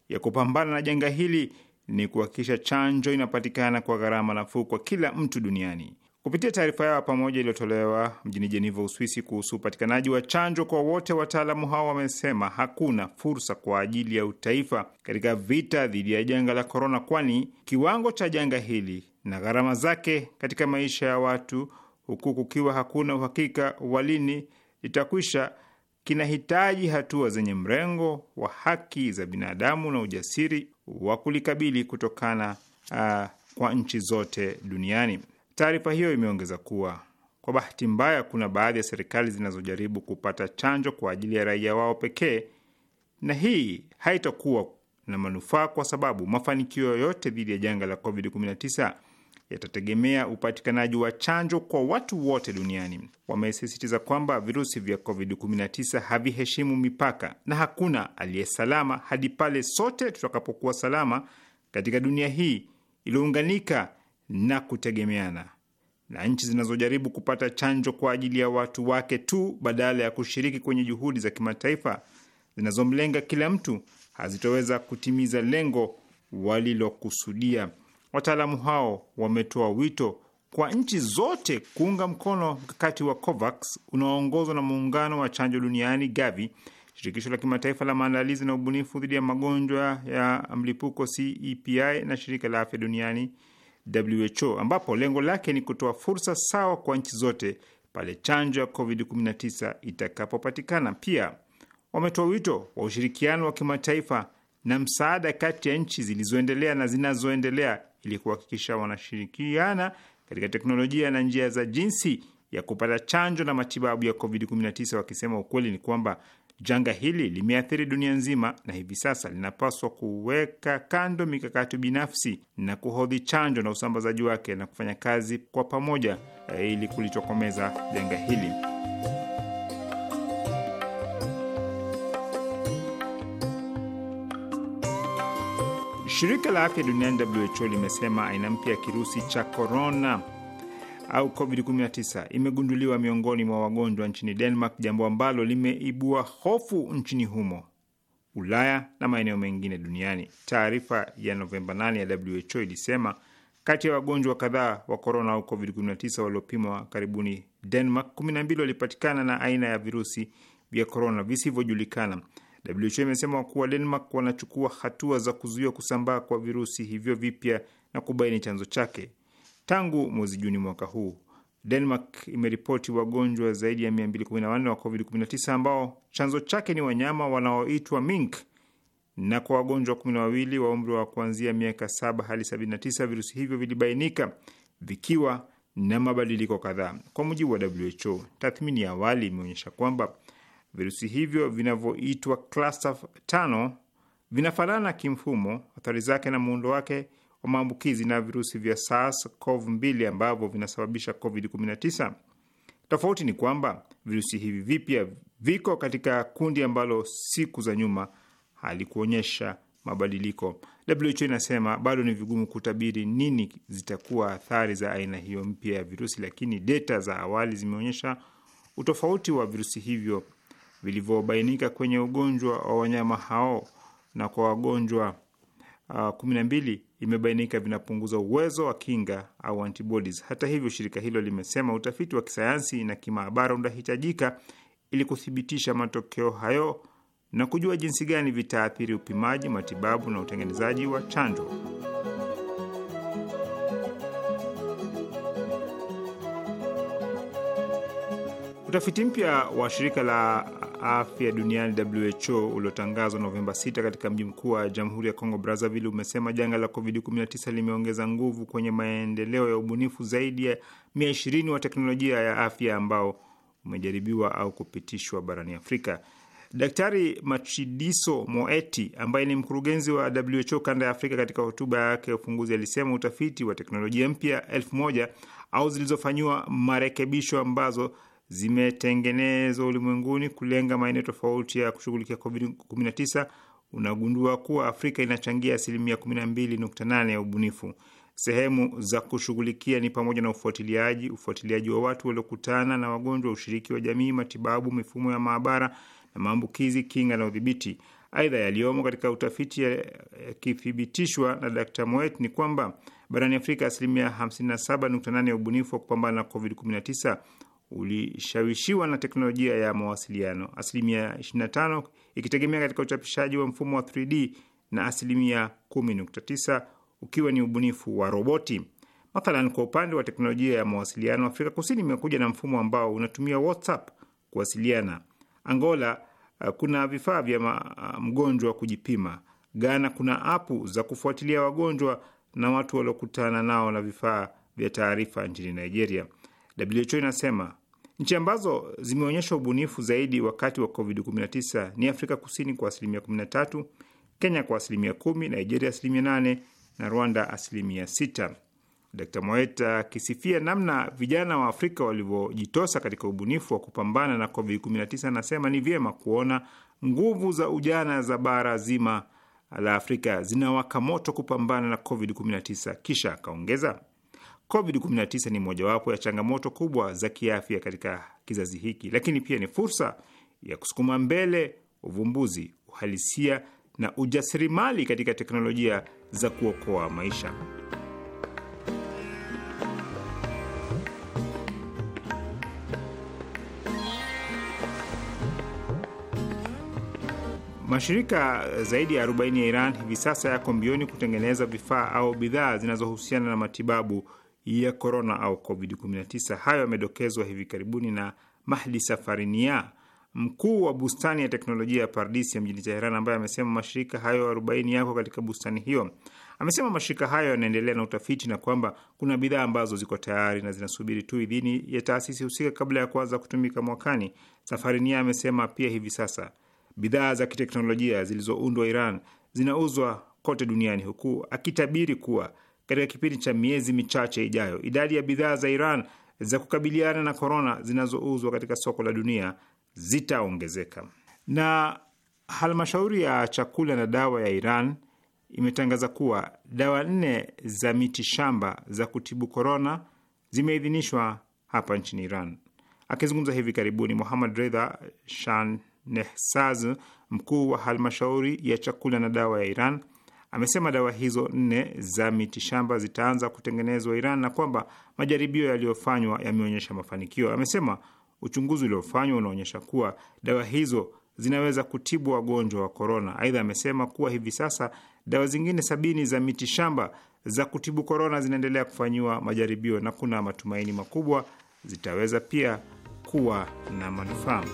ya kupambana na janga hili ni kuhakikisha chanjo inapatikana kwa gharama nafuu kwa kila mtu duniani. Kupitia taarifa yao pamoja iliyotolewa mjini Jeniva, Uswisi, kuhusu upatikanaji wa chanjo kwa wote, wataalamu hao wamesema hakuna fursa kwa ajili ya utaifa katika vita dhidi ya janga la korona, kwani kiwango cha janga hili na gharama zake katika maisha ya watu, huku kukiwa hakuna uhakika wa lini litakwisha, kinahitaji hatua zenye mrengo wa haki za binadamu na ujasiri wa kulikabili kutokana uh, kwa nchi zote duniani. Taarifa hiyo imeongeza kuwa kwa bahati mbaya, kuna baadhi ya serikali zinazojaribu kupata chanjo kwa ajili ya raia wao pekee, na hii haitakuwa na manufaa kwa sababu mafanikio yoyote dhidi ya janga la COVID-19 yatategemea upatikanaji wa chanjo kwa watu wote duniani. Wamesisitiza kwamba virusi vya COVID-19 haviheshimu mipaka na hakuna aliyesalama hadi pale sote tutakapokuwa salama katika dunia hii iliyounganika na kutegemeana, na nchi zinazojaribu kupata chanjo kwa ajili ya watu wake tu badala ya kushiriki kwenye juhudi za kimataifa zinazomlenga kila mtu hazitoweza kutimiza lengo walilokusudia. Wataalamu hao wametoa wito kwa nchi zote kuunga mkono mkakati wa COVAX unaoongozwa na muungano wa chanjo duniani GAVI, shirikisho la kimataifa la maandalizi na ubunifu dhidi ya magonjwa ya mlipuko CEPI na shirika la afya duniani WHO ambapo lengo lake ni kutoa fursa sawa kwa nchi zote pale chanjo ya COVID-19 itakapopatikana. Pia wametoa wito wa ushirikiano wa kimataifa na msaada kati ya nchi zilizoendelea na zinazoendelea ili kuhakikisha wanashirikiana katika teknolojia na njia za jinsi ya kupata chanjo na matibabu ya COVID-19, wakisema ukweli ni kwamba Janga hili limeathiri dunia nzima na hivi sasa linapaswa kuweka kando mikakati binafsi na kuhodhi chanjo na usambazaji wake na kufanya kazi kwa pamoja eh, ili kulitokomeza janga hili. Shirika la Afya Duniani, WHO, limesema aina mpya ya kirusi cha korona au COVID-19 imegunduliwa miongoni mwa wagonjwa nchini Denmark, jambo ambalo limeibua hofu nchini humo, Ulaya na maeneo mengine duniani. Taarifa ya Novemba 8 ya WHO ilisema kati ya wagonjwa kadhaa wa korona au COVID-19 waliopimwa karibuni Denmark, 12 walipatikana na aina ya virusi vya korona visivyojulikana. WHO imesema kuwa Denmark wanachukua hatua za kuzuia kusambaa kwa virusi hivyo vipya na kubaini chanzo chake. Tangu mwezi Juni mwaka huu, Denmark imeripoti wagonjwa zaidi ya 214 wa COVID-19 ambao chanzo chake ni wanyama wanaoitwa mink, na kwa wagonjwa 12 wa umri wa kuanzia miaka 7 hadi 79 virusi hivyo vilibainika vikiwa na mabadiliko kadhaa. Kwa mujibu wa WHO, tathmini ya awali imeonyesha kwamba virusi hivyo vinavyoitwa cluster 5 vinafanana kimfumo, athari zake na muundo wake wa maambukizi na virusi vya SARS-CoV-2 ambavyo vinasababisha COVID-19. Tofauti ni kwamba virusi hivi vipya viko katika kundi ambalo siku za nyuma halikuonyesha mabadiliko. WHO inasema bado ni vigumu kutabiri nini zitakuwa athari za aina hiyo mpya ya virusi, lakini data za awali zimeonyesha utofauti wa virusi hivyo vilivyobainika kwenye ugonjwa wa wanyama hao na kwa wagonjwa uh, kumi na mbili imebainika vinapunguza uwezo wa kinga au antibodies. Hata hivyo, shirika hilo limesema utafiti wa kisayansi na kimaabara unahitajika ili kuthibitisha matokeo hayo na kujua jinsi gani vitaathiri upimaji, matibabu na utengenezaji wa chanjo. Utafiti mpya wa shirika la afya duniani WHO uliotangazwa Novemba 6 katika mji mkuu wa Jamhuri ya Kongo Brazzaville umesema janga la COVID-19 limeongeza nguvu kwenye maendeleo ya ubunifu zaidi ya ishirini wa teknolojia ya afya ambao umejaribiwa au kupitishwa barani Afrika. Daktari machidiso Moeti ambaye ni mkurugenzi wa WHO kanda ya Afrika, katika hotuba yake ya ufunguzi alisema utafiti wa teknolojia mpya elfu moja au zilizofanyiwa marekebisho ambazo zimetengenezwa ulimwenguni kulenga maeneo tofauti ya kushughulikia COVID-19, unagundua kuwa Afrika inachangia asilimia 12.8 ya ubunifu. Sehemu za kushughulikia ni pamoja na ufuatiliaji, ufuatiliaji wa watu waliokutana na wagonjwa, ushiriki wa jamii, matibabu, mifumo ya maabara na maambukizi, kinga na udhibiti. Aidha, yaliyomo katika utafiti yakithibitishwa na Dkt Moet ni kwamba barani Afrika asilimia 57.8 ya ubunifu wa kupambana na COVID-19 ulishawishiwa na teknolojia ya mawasiliano, asilimia 25 ikitegemea katika uchapishaji wa mfumo wa 3D na asilimia 10.9 ukiwa ni ubunifu wa roboti. Mathalan, kwa upande wa teknolojia ya mawasiliano, Afrika Kusini imekuja na mfumo ambao unatumia WhatsApp kuwasiliana. Angola uh, kuna vifaa vya uh, mgonjwa kujipima. Ghana kuna apu za kufuatilia wagonjwa na watu waliokutana nao na vifaa vya taarifa nchini Nigeria. WHO inasema nchi ambazo zimeonyesha ubunifu zaidi wakati wa COVID-19 ni Afrika Kusini kwa asilimia 13, Kenya kwa asilimia 10, Nigeria asilimia 8 na Rwanda asilimia 6. Dr Moeta akisifia namna vijana wa Afrika walivyojitosa katika ubunifu wa kupambana na COVID-19, anasema ni vyema kuona nguvu za ujana za bara zima la Afrika zinawaka moto kupambana na COVID-19. Kisha akaongeza COVID-19 ni mojawapo ya changamoto kubwa za kiafya katika kizazi hiki, lakini pia ni fursa ya kusukuma mbele uvumbuzi, uhalisia na ujasirimali katika teknolojia za kuokoa maisha. Mashirika zaidi ya 40 ya Iran hivi sasa yako mbioni kutengeneza vifaa au bidhaa zinazohusiana na matibabu ya korona au COVID-19. Hayo yamedokezwa hivi karibuni na Mahdi Safarinia, mkuu wa bustani ya teknolojia ya Pardisi ya mjini Teheran, ambaye amesema mashirika hayo 40 yako katika bustani hiyo. Amesema mashirika hayo yanaendelea na utafiti na kwamba kuna bidhaa ambazo ziko tayari na zinasubiri tu idhini ya taasisi husika kabla ya kuanza kutumika mwakani. Safarinia amesema pia hivi sasa bidhaa za kiteknolojia zilizoundwa Iran zinauzwa kote duniani, huku akitabiri kuwa katika kipindi cha miezi michache ijayo. Idadi ya bidhaa za Iran za kukabiliana na korona zinazouzwa katika soko la dunia zitaongezeka. Na halmashauri ya chakula na dawa ya Iran imetangaza kuwa dawa nne za miti shamba za kutibu korona zimeidhinishwa hapa nchini Iran. Akizungumza hivi karibuni, Muhamad Redha Shanehsaz, mkuu wa halmashauri ya chakula na dawa ya Iran, Amesema dawa hizo nne za mitishamba zitaanza kutengenezwa Iran na kwamba majaribio yaliyofanywa yameonyesha mafanikio. Amesema uchunguzi uliofanywa unaonyesha kuwa dawa hizo zinaweza kutibu wagonjwa wa korona. Aidha, amesema kuwa hivi sasa dawa zingine sabini za mitishamba za kutibu korona zinaendelea kufanyiwa majaribio na kuna matumaini makubwa zitaweza pia kuwa na manufaa.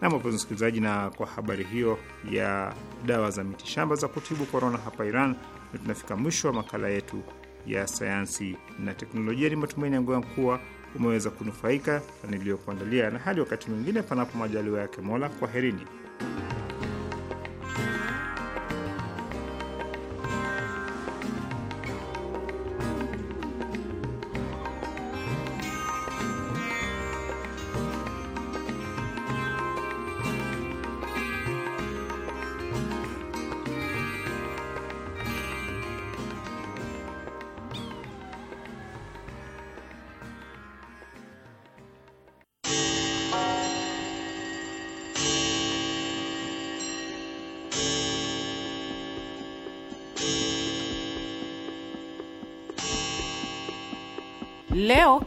Nam, wapenzi msikilizaji, na kwa habari hiyo ya dawa za mitishamba za kutibu korona hapa Iran, na tunafika mwisho wa makala yetu ya sayansi na teknolojia. Ni matumaini yangu kuwa umeweza kunufaika na niliyokuandalia, na hadi wakati mwingine, panapo majaliwa yake Mola, kwaherini.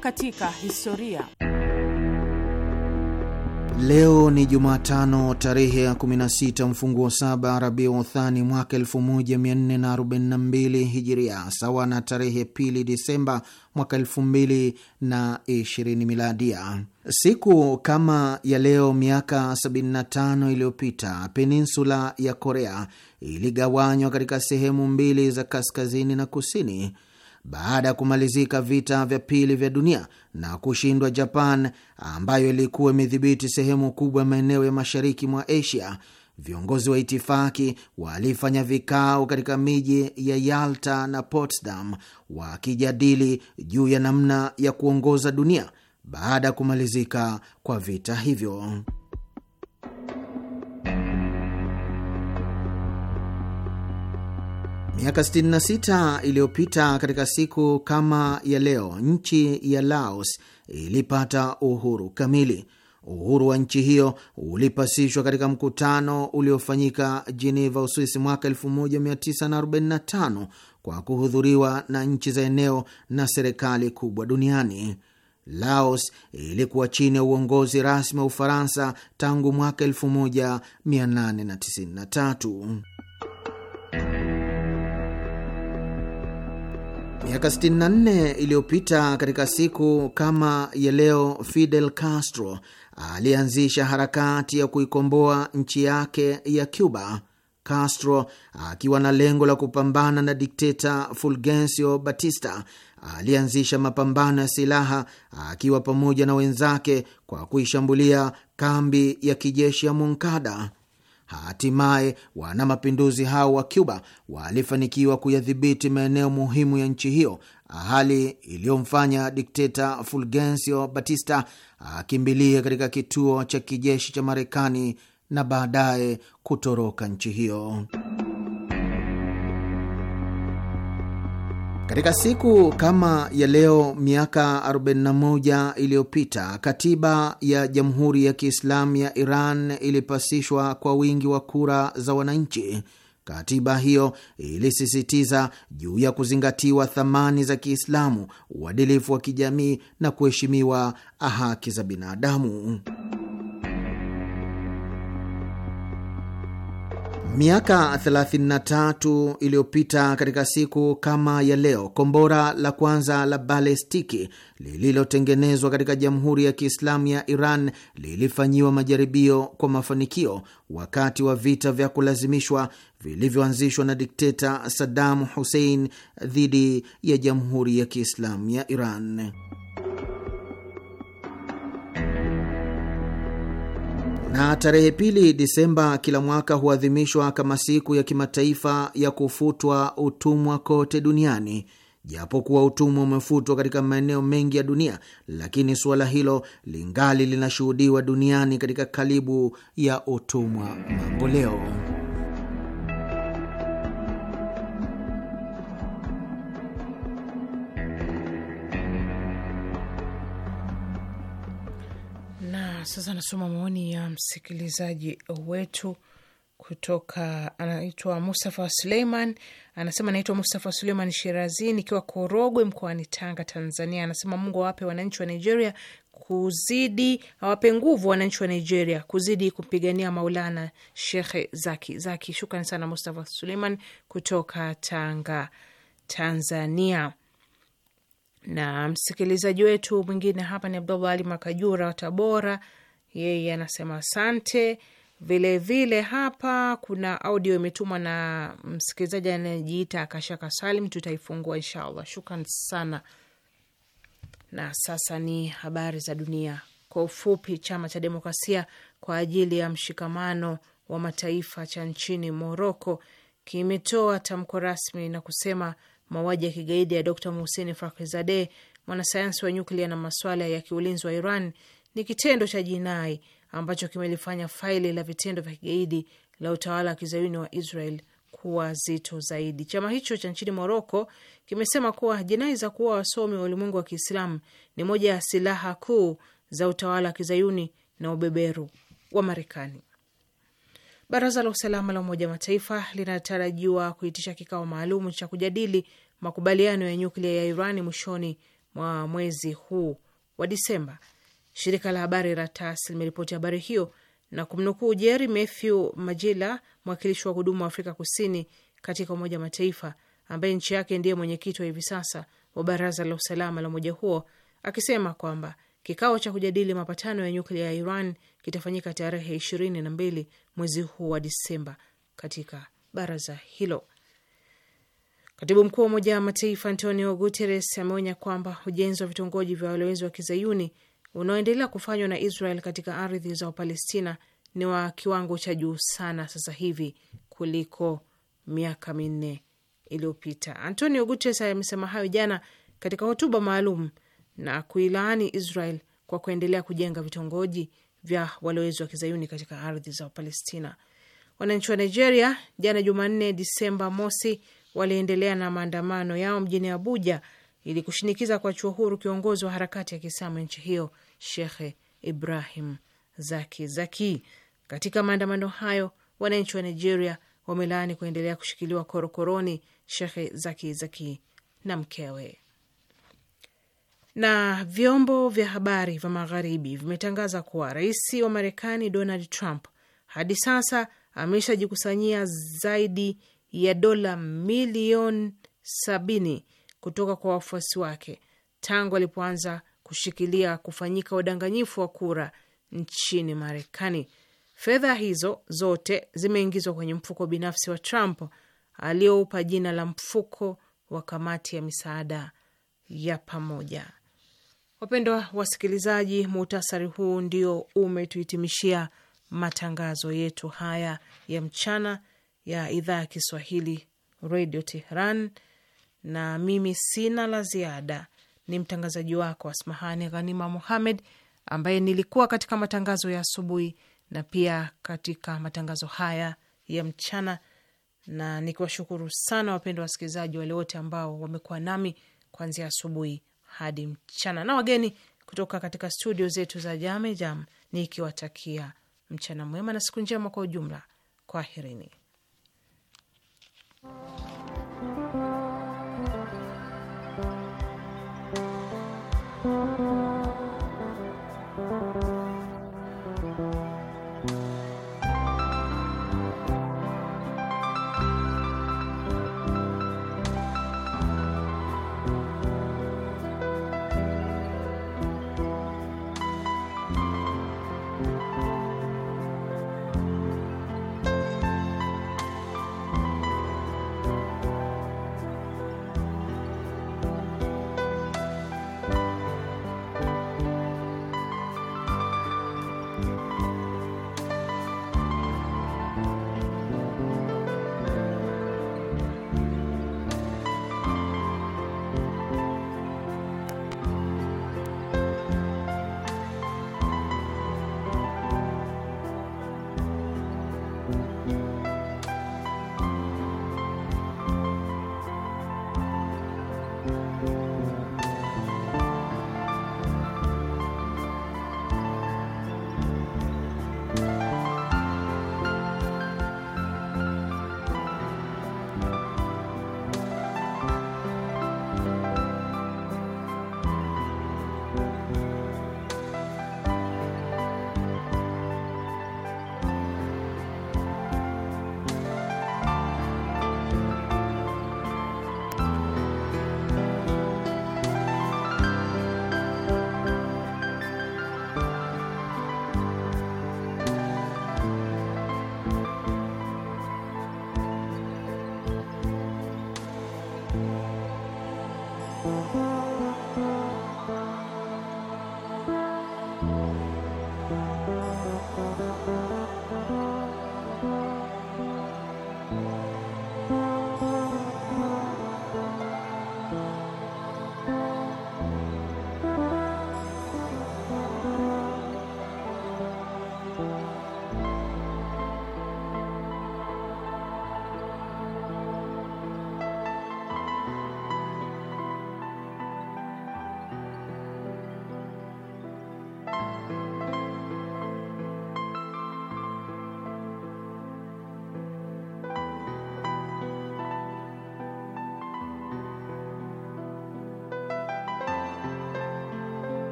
katika historia. Leo ni Jumatano tarehe ya 16 mfunguo saba Rabiu Uthani mwaka 1442 Hijiria, sawa na tarehe pili Disemba mwaka 2020 Miladia. Siku kama ya leo miaka 75 iliyopita peninsula ya Korea iligawanywa katika sehemu mbili za kaskazini na kusini baada ya kumalizika vita vya pili vya dunia na kushindwa Japan ambayo ilikuwa imedhibiti sehemu kubwa ya maeneo ya mashariki mwa Asia, viongozi wa itifaki walifanya vikao katika miji ya Yalta na Potsdam wakijadili juu ya namna ya kuongoza dunia baada ya kumalizika kwa vita hivyo. Miaka 66 iliyopita katika siku kama ya leo, nchi ya Laos ilipata uhuru kamili. Uhuru wa nchi hiyo ulipasishwa katika mkutano uliofanyika Geneva, Uswisi, mwaka 1945 kwa kuhudhuriwa na nchi za eneo na serikali kubwa duniani. Laos ilikuwa chini ya uongozi rasmi wa Ufaransa tangu mwaka 1893. Miaka 64 iliyopita katika siku kama ya leo, Fidel Castro alianzisha harakati ya kuikomboa nchi yake ya Cuba. Castro akiwa na lengo la kupambana na dikteta Fulgencio Batista alianzisha mapambano ya silaha akiwa pamoja na wenzake kwa kuishambulia kambi ya kijeshi ya Moncada. Hatimaye wana mapinduzi hao wa Cuba walifanikiwa kuyadhibiti maeneo muhimu ya nchi hiyo, hali iliyomfanya dikteta Fulgencio Batista akimbilie katika kituo cha kijeshi cha Marekani na baadaye kutoroka nchi hiyo. Katika siku kama ya leo miaka 41 iliyopita katiba ya Jamhuri ya Kiislamu ya Iran ilipasishwa kwa wingi wa kura za wananchi. Katiba hiyo ilisisitiza juu ya kuzingatiwa thamani za Kiislamu, uadilifu wa kijamii na kuheshimiwa haki za binadamu. Miaka 33 iliyopita katika siku kama ya leo, kombora la kwanza la balestiki lililotengenezwa katika Jamhuri ya Kiislamu ya Iran lilifanyiwa majaribio kwa mafanikio wakati wa vita vya kulazimishwa vilivyoanzishwa na dikteta Saddam Hussein dhidi ya Jamhuri ya Kiislamu ya Iran. Na tarehe pili Disemba kila mwaka huadhimishwa kama siku ya kimataifa ya kufutwa utumwa kote duniani. Japokuwa utumwa umefutwa katika maeneo mengi ya dunia, lakini suala hilo lingali linashuhudiwa duniani katika kalibu ya utumwa mambo leo. sasa nasoma maoni ya msikilizaji wetu kutoka anaitwa Mustafa Suleiman, anasema naitwa Mustafa Suleiman Shirazi nikiwa Korogwe mkoani Tanga, Tanzania. Anasema Mungu awape wananchi wa Nigeria kuzidi, awape nguvu wananchi wa Nigeria kuzidi kupigania Maulana Shekhe Zaki Zaki. Shukrani sana Mustafa Suleiman kutoka Tanga, Tanzania. Na msikilizaji wetu mwingine hapa ni Abdullah Ali Makajura wa Tabora, yeye anasema asante. Vilevile vile hapa kuna audio imetumwa na msikilizaji anayejiita Akashaka Salim, tutaifungua inshallah. Shukran sana. Na sasa ni habari za dunia kwa ufupi. Chama cha Demokrasia kwa ajili ya Mshikamano wa Mataifa cha nchini Moroko kimetoa tamko rasmi na kusema mauaji ya kigaidi ya Dr muhuseni Fakhrizadeh, mwanasayansi wa nyuklia na maswala ya kiulinzi wa Iran, ni kitendo cha jinai ambacho kimelifanya faili la vitendo vya kigaidi la utawala wa kizayuni wa Israel kuwa zito zaidi. Chama hicho cha nchini Moroko kimesema kuwa jinai za kuua wasomi wa ulimwengu wa Kiislamu ni moja ya silaha kuu za utawala wa kizayuni na ubeberu wa Marekani. Baraza la usalama la Umoja wa Mataifa linatarajiwa kuitisha kikao maalum cha kujadili makubaliano ya nyuklia ya iran mwishoni mwa mwezi huu wa Disemba. Shirika la habari la TAS limeripoti habari hiyo na kumnukuu Jeri Mathew Majila, mwakilishi wa kudumu wa Afrika Kusini katika Umoja wa Mataifa, ambaye nchi yake ndiye mwenyekiti wa hivi sasa wa Baraza la Usalama la umoja huo, akisema kwamba Kikao cha kujadili mapatano ya nyuklia ya Iran kitafanyika tarehe ishirini na mbili mwezi huu wa Disemba katika baraza hilo. Katibu mkuu wa Umoja wa Mataifa Antonio Guterres ameonya kwamba ujenzi wa vitongoji vya walowezi wa kizayuni unaoendelea kufanywa na Israel katika ardhi za Wapalestina ni wa kiwango cha juu sana sasa hivi kuliko miaka minne iliyopita. Antonio Guterres amesema hayo jana katika hotuba maalum na kuilaani Israel kwa kuendelea kujenga vitongoji vya walowezi wa kizayuni katika ardhi za Palestina. Wananchi wa Nigeria jana Jumanne, Disemba mosi, waliendelea na maandamano yao mjini Abuja ili kushinikiza chuo huru kiongozi wa harakati ya Kiislamu nchi hiyo Shekhe Ibrahim Zaki Zaki. Katika maandamano hayo, wananchi wa Nigeria wamelaani kuendelea kushikiliwa korokoroni Shekhe Zaki Zaki na mkewe. Na vyombo vya habari vya magharibi vimetangaza kuwa rais wa Marekani Donald Trump hadi sasa ameshajikusanyia zaidi ya dola milioni sabini kutoka kwa wafuasi wake tangu alipoanza kushikilia kufanyika udanganyifu wa kura nchini Marekani. Fedha hizo zote zimeingizwa kwenye mfuko binafsi wa Trump aliyoupa jina la mfuko wa kamati ya misaada ya pamoja. Wapendwa wasikilizaji, muhtasari huu ndio umetuhitimishia matangazo yetu haya ya mchana ya idhaa ya Kiswahili redio Tehran, na mimi sina la ziada. Ni mtangazaji wako Asmahani Ghanima Muhamed ambaye nilikuwa katika matangazo ya asubuhi na pia katika matangazo haya ya mchana, na nikiwashukuru sana wapendwa wasikilizaji wale wote ambao wamekuwa nami kuanzia asubuhi hadi mchana, na wageni kutoka katika studio zetu za Jamejam, nikiwatakia mchana mwema na siku njema kwa ujumla. Kwaherini.